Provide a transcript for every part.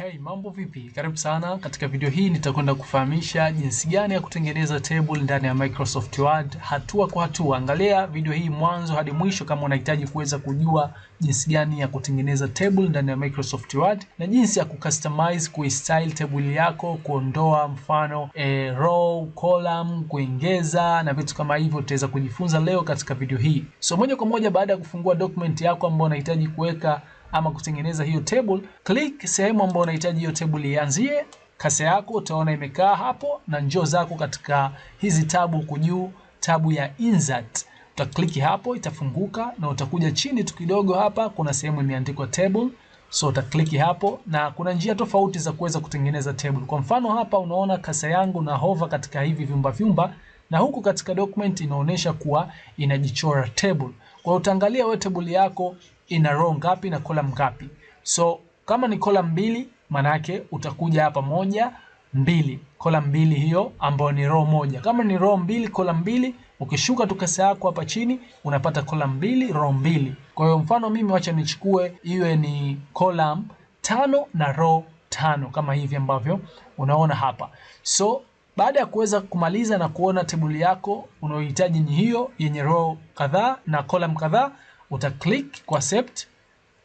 Hey, mambo vipi? Karibu sana. Katika video hii nitakwenda kufahamisha jinsi gani ya kutengeneza table ndani ya Microsoft Word hatua kwa hatua. Angalia video hii mwanzo hadi mwisho kama unahitaji kuweza kujua jinsi gani ya kutengeneza table ndani ya Microsoft Word na jinsi ya kucustomize kuistyle table yako, kuondoa mfano e, row, column, kuongeza na vitu kama hivyo utaweza kujifunza leo katika video hii. So moja kwa moja baada ya kufungua document yako ambayo unahitaji kuweka ama kutengeneza hiyo table, click sehemu ambayo unahitaji hiyo table ianzie. Kasa yako utaona imekaa hapo, na njoo zako katika hizi tabu huku juu, tabu ya insert utakliki hapo, itafunguka na utakuja chini tu kidogo. Hapa kuna sehemu imeandikwa table, so utakliki hapo, na kuna njia tofauti za kuweza kutengeneza table. Kwa mfano hapa unaona kasa yangu na hover katika hivi vyumba vyumba, na huku katika document inaonyesha kuwa inajichora table. Kwa utaangalia wewe table yako ina row ngapi na column ngapi. So kama ni column mbili, maana utakuja hapa moja mbili, column mbili hiyo ambayo ni row moja. Kama ni row mbili, column mbili, ukishuka tu kasi yako hapa chini unapata column mbili, row mbili. Kwa hiyo mfano mimi wacha nichukue iwe ni column tano na row tano kama hivi ambavyo unaona hapa. So baada ya kuweza kumaliza na kuona tebuli yako unayohitaji ni hiyo yenye row kadhaa na column kadhaa uta click kwa accept,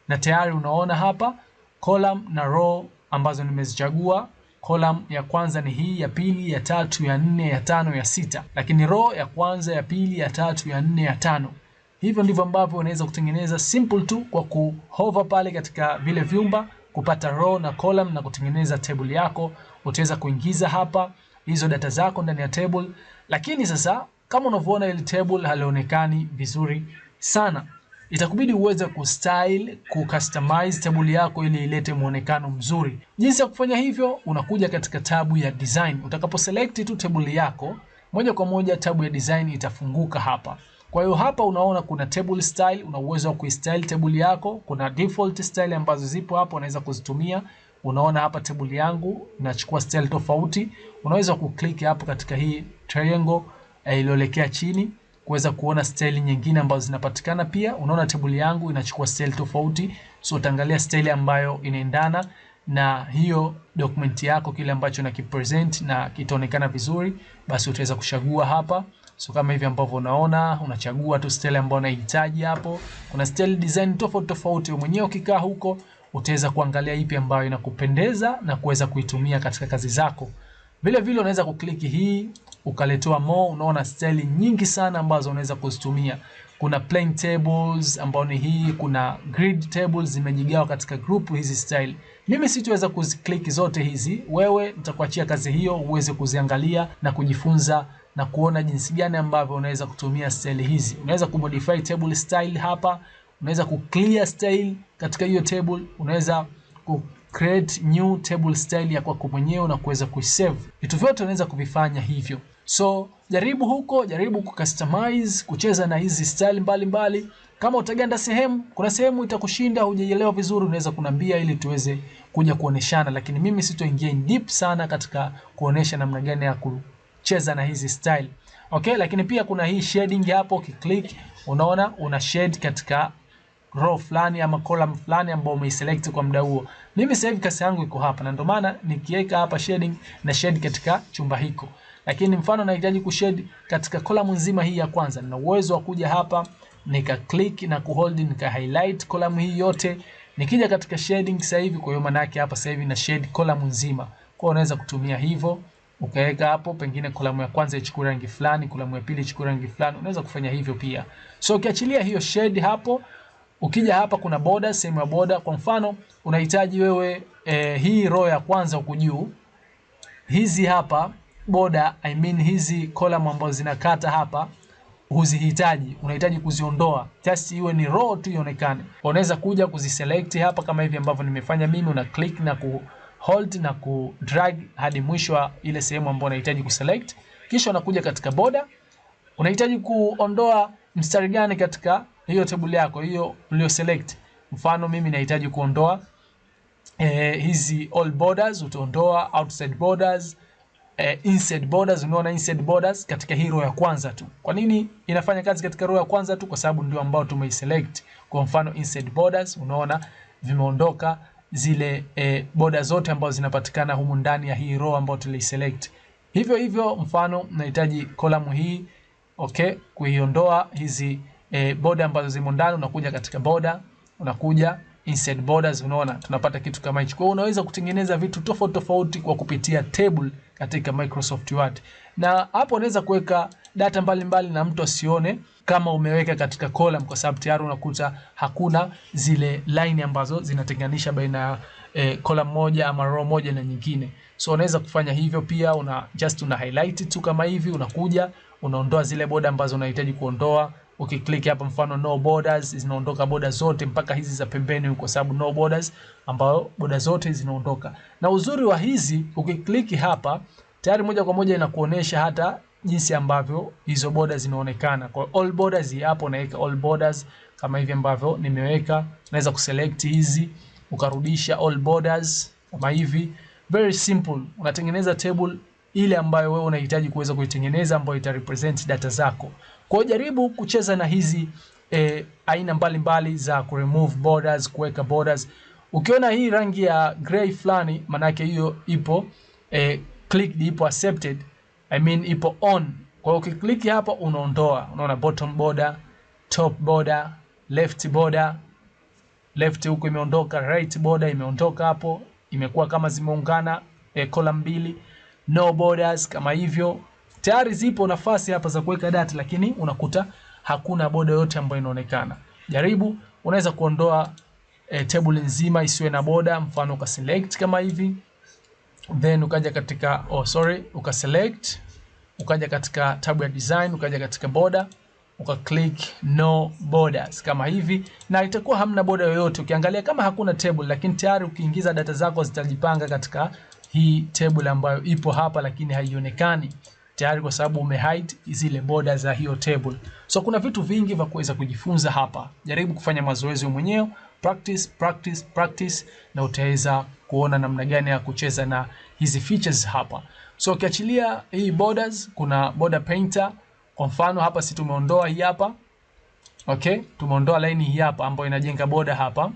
na tayari unaona hapa column na row ambazo nimezichagua. Column ya kwanza ni hii, ya pili, ya tatu, ya nne, ya tano, ya sita, lakini row ya kwanza, ya pili, ya tatu, ya nne, ya tano. Hivyo ndivyo ambavyo unaweza kutengeneza simple tu kwa kuhover pale katika vile vyumba kupata row na column na kutengeneza table yako. Utaweza kuingiza hapa hizo data zako ndani ya table, lakini sasa kama unavyoona ile table halionekani vizuri sana itakubidi uweze kustyle, customize table yako ili ilete muonekano mzuri. Jinsi ya kufanya hivyo, unakuja katika tabu ya design. Utakapo select tu table yako, moja kwa moja tabu ya design itafunguka hapa. Kwa hiyo hapa unaona kuna table style, una uwezo wa kuistyle table yako. Kuna default style ambazo zipo hapo, unaweza kuzitumia. Unaona hapa table yangu nachukua style tofauti, unaweza kuklik hapo katika hii triangle eh, iliyoelekea chini kuweza kuona staili nyingine ambazo zinapatikana. Pia unaona tebuli yangu inachukua staili tofauti, so utaangalia staili ambayo inaendana na hiyo dokumenti yako, kile ambacho unakipresent na kitaonekana vizuri, basi utaweza kuchagua hapa. So kama hivi ambavyo unaona, unachagua tu staili ambayo unahitaji hapo. Kuna staili design tofauti tofauti, wewe mwenyewe ukikaa huko utaweza kuangalia ipi ambayo inakupendeza na kuweza kuitumia katika kazi zako. Vile vile unaweza kukliki hii ukaletewa more. Unaona staili nyingi sana ambazo unaweza kuzitumia. Kuna plain tables ambao ni hii, kuna grid tables zimejigawa katika group hizi style. Mimi sitoweza kuziklik zote hizi, wewe nitakuachia kazi hiyo uweze kuziangalia na kujifunza na kuona jinsi gani ambavyo unaweza kutumia style hizi. Unaweza kumodify table style hapa, unaweza kuclear style katika hiyo table, unaweza create new table style ya kwako mwenyewe na kuweza kuisave. Vitu vyote unaweza kuvifanya hivyo. So jaribu huko, jaribu kucustomize, kucheza na hizi style mbalimbali mbali. Kama utaganda sehemu, kuna sehemu itakushinda hujaielewa vizuri, unaweza kunambia ili tuweze kuja kuoneshana, lakini mimi sitoingia in deep sana katika kuonesha namna gani ya kucheza na hizi style. Okay, lakini pia kuna hii shading hapo, ukiclick unaona una shade katika row fulani ama column fulani ambao umeiselect kwa muda huo. Mimi sasa hivi kasi yangu iko hapa na ndio maana nikiweka hapa shading na shade katika chumba hiko. Lakini mfano nahitaji kushade katika column nzima hii ya kwanza, nina uwezo wa kuja hapa nika click na ku hold nika highlight column hii yote. Nikija katika shading sasa hivi, kwa hiyo maana yake hapa sasa hivi na shade column nzima. Kwa unaweza kutumia hivyo ukaweka hapo, pengine kolamu ya kwanza ichukue rangi fulani, kolamu ya pili ichukue rangi fulani. Unaweza kufanya hivyo pia. So ukiachilia hiyo shade hapo Ukija hapa kuna boda, sehemu ya boda. Kwa mfano unahitaji wewe e, hii row ya kwanza huku juu, hizi hapa boda, I mean hizi column ambazo zinakata hapa huzihitaji, unahitaji kuziondoa, just iwe ni row tu ionekane. Unaweza kuja kuziselect hapa kama hivi ambavyo nimefanya mimi, una click na ku hold na ku drag hadi mwisho wa ile sehemu ambayo unahitaji kuselect, kisha unakuja katika boda, unahitaji kuondoa mstari gani katika hiyo table yako hiyo ulio select. Mfano mimi nahitaji kuondoa eh, hizi all borders, utaondoa outside borders eh, inside borders. Unaona inside borders katika hii row ya kwanza tu. Kwa nini inafanya kazi katika row ya kwanza tu? Kwa sababu ndio ambao tumeiselect. Kwa mfano inside borders, unaona vimeondoka zile eh, border zote ambazo zinapatikana humu ndani ya hii row ambayo tuliselect. Hivyo hivyo, mfano nahitaji kolamu hii okay, kuiondoa hizi e, boda ambazo zimo ndani, unakuja katika boda, unakuja inside borders, unaona tunapata kitu kama hicho. Kwa unaweza kutengeneza vitu tofauti tofauti kwa kupitia table katika Microsoft Word, na hapo unaweza kuweka data mbalimbali mbali na mtu asione kama umeweka katika column, kwa sababu tayari unakuta hakuna zile line ambazo zinatenganisha baina ya e, column moja ama row moja na nyingine. So unaweza kufanya hivyo pia, una just una highlight tu kama hivi, unakuja unaondoa zile boda ambazo unahitaji kuondoa ukiklik hapa mfano no borders zinaondoka boda zote mpaka hizi za pembeni, kwa sababu no borders ambayo boda zote zinaondoka. Na uzuri wa hizi ukiklik hapa tayari moja kwa moja inakuonesha hata jinsi ambavyo hizo boda zinaonekana. Kwa all borders hapo naweka all borders kama hivi ambavyo nimeweka, naweza kuselect hizi ukarudisha all borders kama hivi. Very simple, unatengeneza table ile ambayo wewe unahitaji kuweza kuitengeneza ambayo ita represent data zako. Kwa jaribu kucheza na hizi e, aina mbalimbali mbali za ku remove borders, kuweka borders. Ukiona hii rangi ya gray fulani, manake hiyo ipo e, eh, clicked, ipo accepted, I mean ipo on. Kwa hiyo ukiklik hapa unaondoa, unaona bottom border, top border, left border, left huko imeondoka, right border imeondoka, hapo imekuwa kama zimeungana e, eh, kola mbili, no borders kama hivyo. Tayari zipo nafasi hapa za kuweka data, lakini unakuta hakuna boda yote ambayo inaonekana. Jaribu, unaweza kuondoa e, table nzima isiwe na boda, mfano uka select kama hivi, then ukaja katika oh, sorry, uka select ukaja katika tab ya design, ukaja katika boda uka click no borders kama hivi, na itakuwa hamna boda yoyote. Ukiangalia kama hakuna table, lakini tayari ukiingiza data zako zitajipanga katika hii table ambayo ipo hapa, lakini haionekani tayari kwa sababu umehide zile border za hiyo table. So kuna vitu vingi vya kuweza kujifunza hapa. Jaribu kufanya mazoezi wewe mwenyewe, practice practice practice, na utaweza kuona namna gani ya kucheza na hizi features hapa. So ukiachilia hii borders, kuna border painter. Kwa mfano hapa, si tumeondoa hii hapa okay, tumeondoa line hii hapa ambayo inajenga border hapa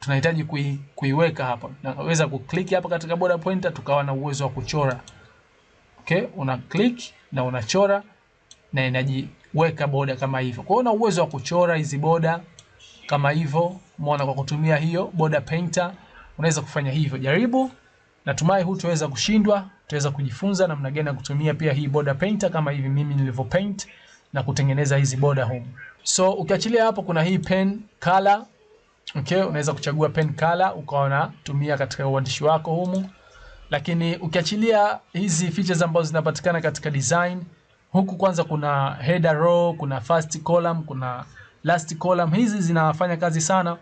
tunahitaji kui, kuiweka hapa. Naweza kuklik hapa katika border pointer tukawa na uwezo wa kuchora Okay, una click na unachora na inajiweka boda kama hivyo. Kwa hiyo una uwezo wa kuchora hizi boda kama hivyo, umeona, kwa kutumia hiyo boda painter unaweza kufanya hivyo. Jaribu, natumai hutoweza kushindwa, utaweza kujifunza namna gani ya kutumia pia hii boda painter kama hivi mimi nilivyo paint na kutengeneza hizi boda home. So ukiachilia hapo, kuna hii pen color. Okay, unaweza kuchagua pen color ukaona tumia katika uandishi wako humu. Lakini ukiachilia hizi features ambazo zinapatikana katika design, huku kwanza kuna header row, kuna first column, kuna last column. Hizi zinafanya kazi sana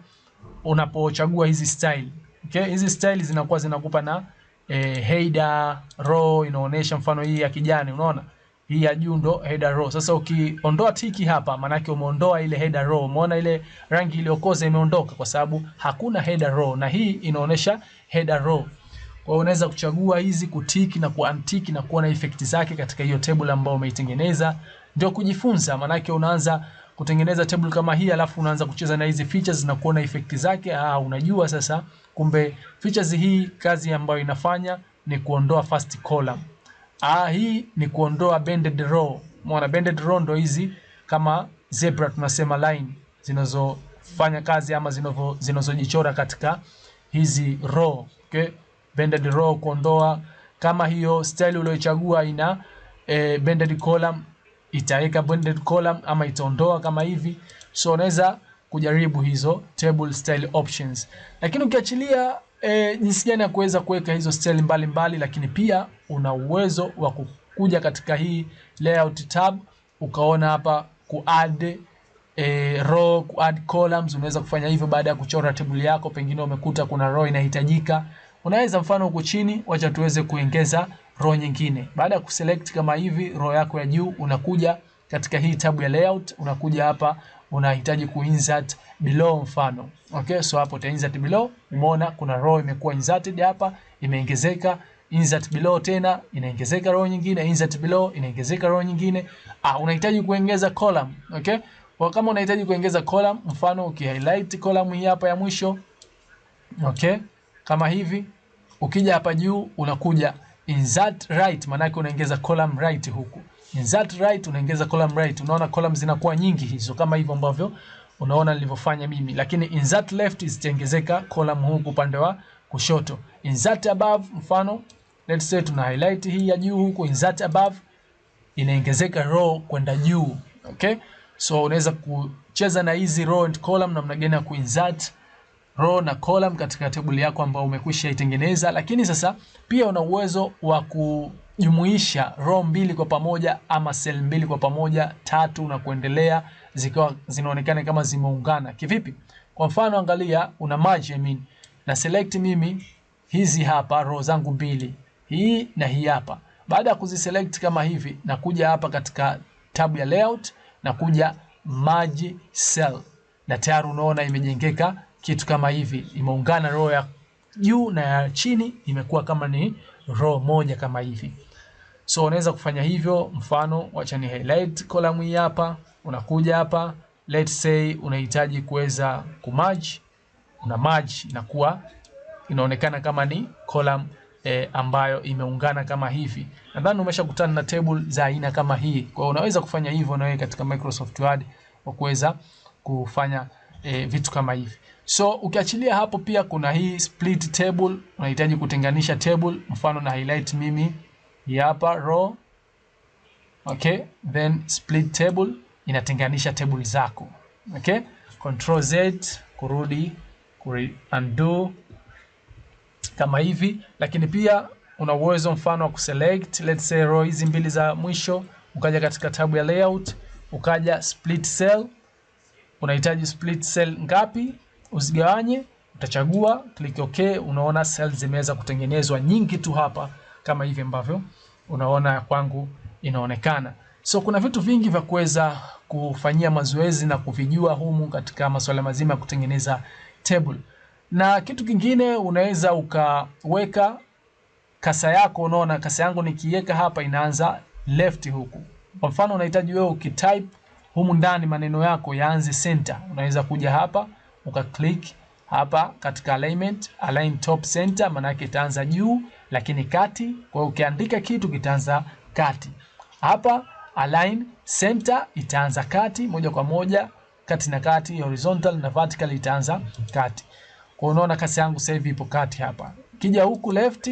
unapochagua hizi style. Okay, hizi style zinakuwa zinakupa na eh, header row inaonyesha mfano hii ya kijani, unaona? Hii ya juu ndo header row. Sasa ukiondoa tiki hapa, maana yake umeondoa ile header row. Umeona ile rangi iliyokoza imeondoka kwa sababu hakuna header row, na hii inaonyesha header row. Kwa hiyo unaweza kuchagua hizi kutiki na kuantiki na kuona effect zake katika hiyo table ambayo umeitengeneza. Ndio kujifunza, maanake unaanza kutengeneza table kama hii alafu unaanza kucheza na hizi features na kuona effect zake. Ah, unajua sasa kumbe features hii kazi ambayo inafanya ni kuondoa first column. Ah, hii ni kuondoa banded row. Umeona banded row ndo hizi kama zebra tunasema line zinazofanya kazi ama zinazojichora katika hizi row. Okay? banded row kuondoa kama hiyo style uliochagua ina e, eh, banded column itaweka banded column ama itaondoa kama hivi. So unaweza kujaribu hizo table style options, lakini ukiachilia e, jinsi gani ya kuweza kuweka hizo style mbalimbali, lakini pia una uwezo wa kuja katika hii layout tab ukaona hapa ku add e, row ku add columns. Unaweza kufanya hivyo baada ya kuchora table yako, pengine umekuta kuna row inahitajika Unaweza mfano huku chini, wacha tuweze kuongeza row nyingine. Baada ya kuselect kama hivi row yako ya juu, unakuja katika hii tabu ya layout, unakuja hapa unahitaji kuinsert below mfano. Okay, so hapo uta insert below. Umeona kuna row imekuwa inserted hapa, imeongezeka insert below tena inaongezeka row nyingine, insert below inaongezeka row nyingine. Ah, unahitaji kuongeza column. Okay, kwa kama unahitaji kuongeza column, mfano uki highlight column hii hapa ya mwisho. Okay kama hivi. Ukija hapa juu unakuja insert right, maana yake unaongeza column right huku. Insert right unaongeza column right, unaona column zinakuwa nyingi hizo, kama hivyo ambavyo unaona nilivyofanya mimi, lakini insert left zitaongezeka column huku upande wa kushoto. Insert above, mfano let's say tuna highlight hii ya juu huku, insert above inaongezeka row kwenda juu, okay. So unaweza kucheza na hizi row and column, namna gani ya kuinsert row na column katika table yako ambayo umekwisha itengeneza, lakini sasa pia una uwezo wa kujumuisha row mbili kwa pamoja ama cell mbili kwa pamoja, tatu na kuendelea, zikiwa zinaonekana kama zimeungana. Kivipi? Kwa mfano, angalia una merge, I mean, na select mimi hizi hapa row zangu mbili, hii na hii hapa. Baada ya kuziselect kama hivi, nakuja hapa katika tab ya layout na kuja merge cell, na tayari unaona imejengeka kitu kama hivi, imeungana roho ya juu na ya chini, imekuwa kama ni roho moja kama hivi. So unaweza kufanya hivyo, mfano wacha ni highlight column hii hapa, unakuja hapa, let's say unahitaji kuweza kumerge, una merge inakuwa inaonekana kama ni column E, ambayo imeungana kama hivi. Nadhani umeshakutana na table za aina kama hii. Kwa hiyo unaweza kufanya hivyo na wewe katika Microsoft Word kwa kuweza kufanya e, vitu kama hivi. So ukiachilia hapo, pia kuna hii split table, unahitaji kutenganisha table. Mfano na highlight mimi hii hapa row, okay, then split table inatenganisha table zako, okay. Control Z kurudi kuri undo kama hivi, lakini pia una uwezo mfano wa kuselect let's say row hizi mbili za mwisho, ukaja katika tabu ya layout, ukaja split cell unahitaji split cell ngapi uzigawanye, utachagua click OK. Unaona cells zimeweza kutengenezwa nyingi tu hapa kama hivi ambavyo unaona kwangu inaonekana. So kuna vitu vingi vya kuweza kufanyia mazoezi na kuvijua humu katika masuala mazima ya kutengeneza table. Na kitu kingine unaweza ukaweka kasa yako. Unaona kasa yangu nikiweka hapa inaanza left huku. Kwa mfano unahitaji wewe ukitype humu ndani maneno yako yaanze center. Unaweza kuja hapa uka click hapa katika alignment, align top center, maana yake itaanza juu lakini kati. Kwa hiyo ukiandika kitu kitaanza kati. Hapa align center itaanza kati moja kwa moja, kati na kati, horizontal na vertical itaanza kati. Kwa hiyo unaona kasi yangu sasa hivi ipo kati hapa. Kija huku left,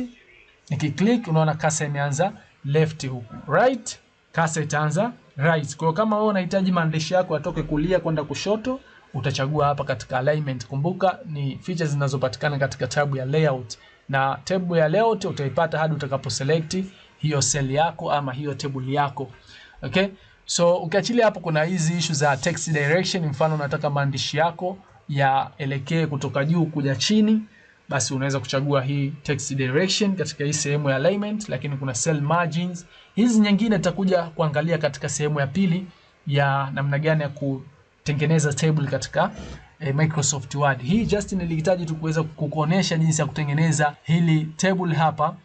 nikiklik unaona kasi imeanza left huku. Right, kasi itaanza right. Kwa kama wewe unahitaji maandishi yako yatoke kulia kwenda kushoto, utachagua hapa katika alignment. Kumbuka ni features zinazopatikana katika tabu ya layout, na tabu ya layout utaipata hadi utakapo select hiyo cell yako ama hiyo table yako. Okay, so ukiachilia hapo, kuna hizi issue za text direction. Mfano unataka maandishi yako yaelekee kutoka juu kuja chini basi unaweza kuchagua hii text direction katika hii sehemu ya alignment, lakini kuna cell margins. Hizi nyingine tutakuja kuangalia katika sehemu ya pili ya namna gani ya kutengeneza table katika eh, Microsoft Word. Hii just nilihitaji tu kuweza kukuonesha jinsi ya kutengeneza hili table hapa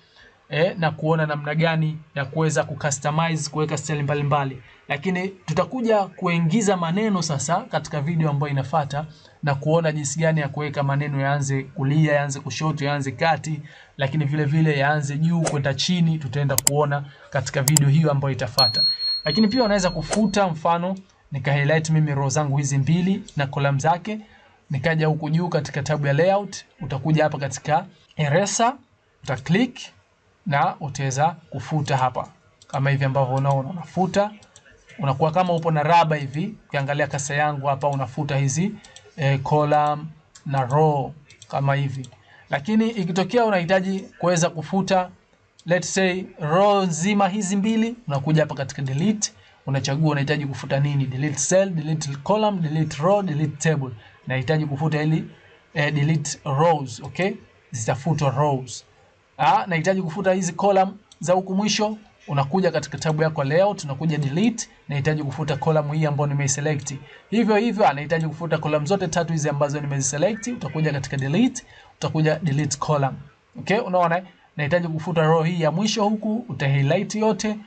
eh, na kuona namna gani ya kuweza kucustomize kuweka style mbalimbali, lakini tutakuja kuingiza maneno sasa katika video ambayo inafata na kuona jinsi gani ya kuweka maneno yaanze kulia, yaanze kushoto, yaanze kati, lakini vile vile yaanze juu kwenda chini. Tutaenda kuona katika video hiyo ambayo itafata, lakini pia unaweza kufuta. Mfano nika highlight mimi row zangu hizi mbili na column zake, nikaja huku juu katika tabu ya layout, utakuja hapa katika eraser uta click na utaweza kufuta hapa kama hivi ambavyo unaona, unafuta unakuwa kama upo na raba hivi. Ukiangalia kasa yangu hapa, unafuta hizi e, column na row kama hivi. Lakini ikitokea unahitaji kuweza kufuta let's say row nzima hizi mbili, unakuja hapa katika delete, unachagua unahitaji kufuta nini, delete cell, delete column, delete row, delete table. Nahitaji kufuta ili eh, delete rows. Okay, zitafutwa rows ah, nahitaji kufuta hizi column za huku mwisho, unakuja katika tabu yako leo, tunakuja delete, nahitaji kufuta column hii ambayo nimeiselect. Hivyo hivyo anahitaji ah, kufuta column zote tatu hizi ambazo nimeziselect, utakuja katika delete, utakuja delete column. Okay, unaona nahitaji kufuta row hii ya mwisho huku, uta highlight yote,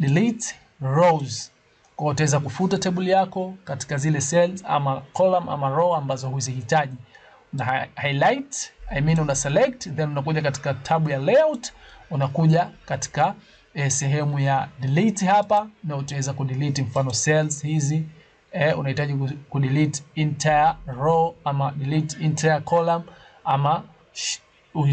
delete rows. Kwa utaweza kufuta table yako katika zile cells ama column ama row ambazo huzihitaji na highlight, I mean una select, then unakuja katika tabu ya layout, unakuja katika eh, sehemu ya delete hapa, na utaweza kudelete mfano cells hizi eh, unahitaji kudelete entire row ama delete entire column ama sh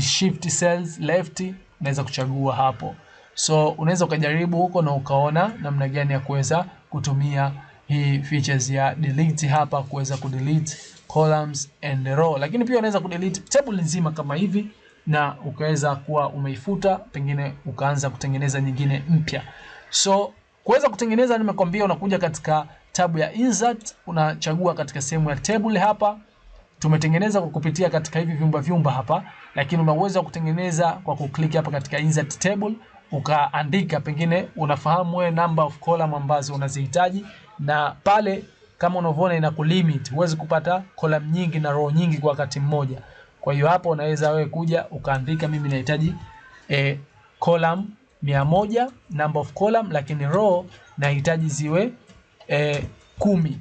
shift cells left, unaweza kuchagua hapo. So unaweza ukajaribu huko na ukaona namna gani ya kuweza kutumia hii features ya delete hapa kuweza kudelete columns and row. Lakini pia unaweza kudelete table nzima kama hivi na ukaweza kuwa umeifuta, pengine ukaanza kutengeneza nyingine mpya. So kuweza kutengeneza, nimekwambia unakuja katika tabu ya insert, unachagua katika sehemu ya table hapa tumetengeneza kwa kupitia katika hivi vyumba vyumba hapa, lakini una uwezo wa kutengeneza kwa kuklik hapa katika insert table, ukaandika pengine unafahamu wewe number of column ambazo unazihitaji na pale kama unavyoona ina kulimit, huwezi kupata column nyingi na row nyingi kwa wakati mmoja. Kwa hiyo hapo unaweza wewe kuja ukaandika, mimi nahitaji eh, column mia moja number of column, lakini row nahitaji ziwe eh, kumi,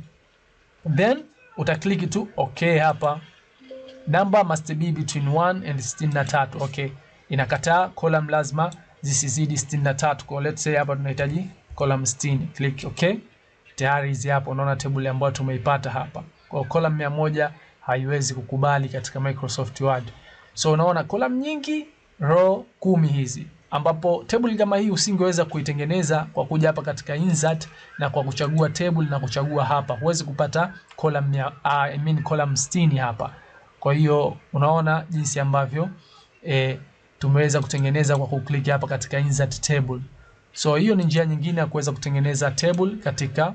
then utakliki tu okay hapa number must be between 1 and 63. Okay, inakataa column lazima zisizidi 63. Kwa let's say hapa tunahitaji column 60, click okay tayari hizi hapa, unaona table ambayo tumeipata hapa. Kwa column mia moja haiwezi kukubali katika Microsoft Word. So unaona column nyingi, row kumi hizi ambapo table kama hii usingeweza kuitengeneza kwa kuja hapa katika insert na kwa kuchagua table na kuchagua hapa, huwezi kupata column ya uh, I mean column 60 hapa. Kwa hiyo unaona jinsi ambavyo e, tumeweza kutengeneza kwa kuklik hapa katika insert table. So hiyo ni njia nyingine ya kuweza kutengeneza table katika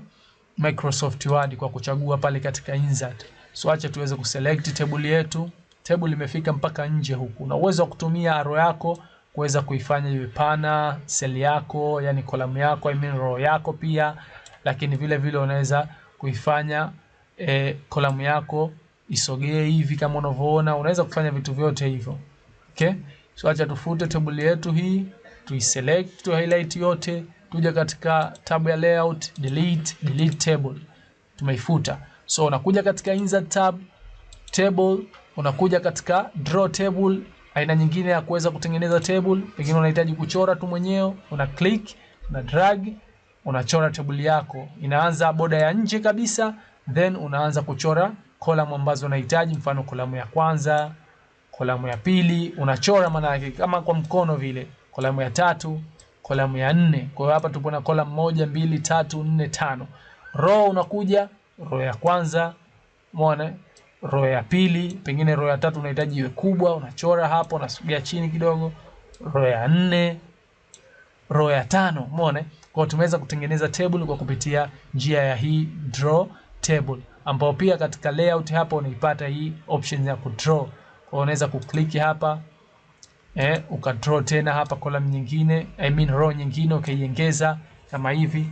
Microsoft Word kwa kuchagua pale katika insert. So acha tuweze kuselect table yetu. Table imefika mpaka nje huku. Una uwezo wa kutumia arrow yako kuweza kuifanya iwe pana, cell yako, yani kolamu yako, I mean row yako pia, lakini vile vile unaweza kuifanya eh, kolamu yako isogee hivi kama unavyoona, unaweza kufanya vitu vyote hivyo. Okay? So acha tufute table yetu hii, tuiselect, tu highlight yote tuja katika tab ya layout, delete, delete table. Tumeifuta. So unakuja katika insert tab, table, unakuja katika draw table, aina nyingine ya kuweza kutengeneza table. Pengine unahitaji kuchora tu mwenyewe, una click, na drag, unachora table yako. Inaanza boda ya nje kabisa, then unaanza kuchora column ambazo unahitaji, mfano kolamu ya kwanza, kolamu ya pili, unachora maana yake kama kwa mkono vile, kolamu ya tatu kolamu ya nne. Kwa hiyo hapa tupo na kolamu moja, mbili, tatu, nne, tano. Row unakuja row ya kwanza, umeona row ya pili, pengine row ya tatu unahitaji iwe kubwa, unachora hapo, unasogea chini kidogo, row ya nne, row ya tano, umeona. Kwa tumeweza kutengeneza table kwa kupitia njia ya hii draw table, ambao pia katika layout hapa unaipata hii options ya kudraw. draw. Kwa unaweza kukliki hapa eh, ukadraw tena hapa column nyingine, I mean row nyingine ukaiongeza kama hivi.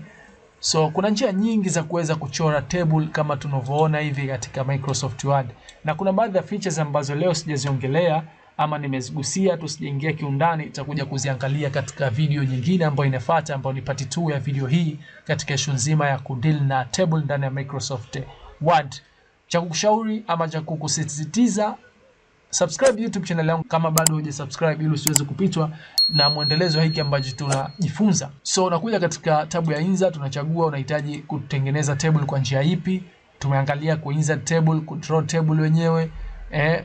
So kuna njia nyingi za kuweza kuchora table kama tunavyoona hivi katika Microsoft Word, na kuna baadhi ya features ambazo leo sijaziongelea ama nimezigusia tu, sijaingia kiundani, itakuja kuziangalia katika video nyingine ambayo inafuata, ambayo ni part 2 ya video hii katika issue nzima ya kudeal na table ndani ya Microsoft Word. Cha kukushauri ama cha kukusisitiza Subscribe YouTube channel yangu kama bado hujasubscribe ili usiweze kupitwa na mwendelezo wa hiki ambacho tunajifunza. So unakuja katika tabu ya insert, tunachagua unahitaji kutengeneza table kwa njia ipi. Tumeangalia ku insert table, control table wenyewe eh,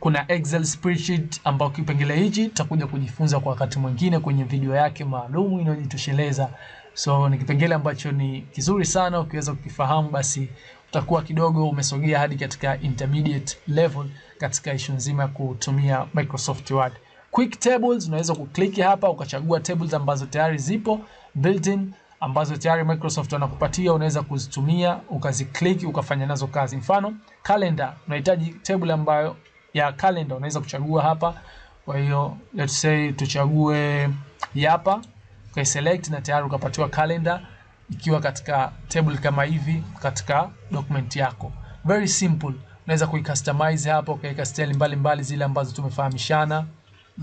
kuna Excel spreadsheet ambayo kipengele hichi tutakuja kujifunza kwa wakati mwingine kwenye video yake maalum inayojitosheleza. So ni kipengele ambacho ni kizuri sana, ukiweza kukifahamu basi utakuwa kidogo umesogea hadi katika intermediate level katika issue nzima kutumia Microsoft Word. Quick tables unaweza kuklik hapa ukachagua tables ambazo tayari zipo built-in ambazo tayari Microsoft wanakupatia, unaweza kuzitumia ukaziklik ukafanya nazo kazi. Mfano calendar, unahitaji table ambayo ya calendar, unaweza kuchagua hapa. Kwa hiyo let's say tuchague hapa, ukaiselect na tayari ukapatiwa calendar ikiwa katika table kama hivi katika document yako. Very simple. Unaweza kuicustomize hapo ukaweka style mbalimbali zile ambazo tumefahamishana.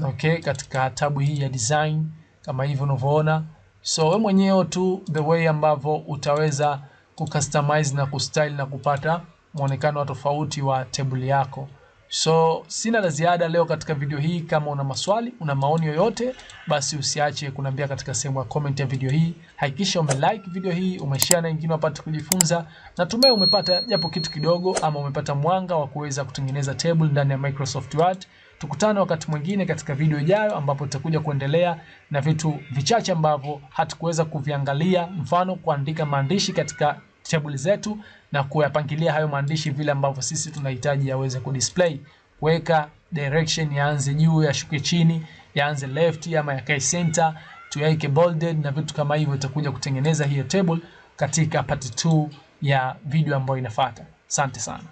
Okay, katika tabu hii ya design kama hivi unavyoona. So wewe mwenyewe tu the way ambavyo utaweza kucustomize na kustyle na kupata muonekano wa tofauti wa table yako. So sina la ziada leo katika video hii. Kama una maswali, una maoni yoyote, basi usiache kuniambia katika sehemu ya comment ya video hii. Hakikisha ume like video hii, umeshare na wengine wapate kujifunza. Natumai umepata japo kitu kidogo, ama umepata mwanga wa kuweza kutengeneza table ndani ya Microsoft Word. Tukutane wakati mwingine katika video ijayo, ambapo tutakuja kuendelea na vitu vichache ambavyo hatukuweza kuviangalia, mfano kuandika maandishi katika table zetu na kuyapangilia hayo maandishi vile ambavyo sisi tunahitaji yaweze kudisplay, kuweka direction yaanze juu yashuke chini, yaanze left ama yakae center tuyaike bolded na vitu kama hivyo, itakuja kutengeneza hiyo table katika part 2 ya video ambayo inafuata. Asante sana.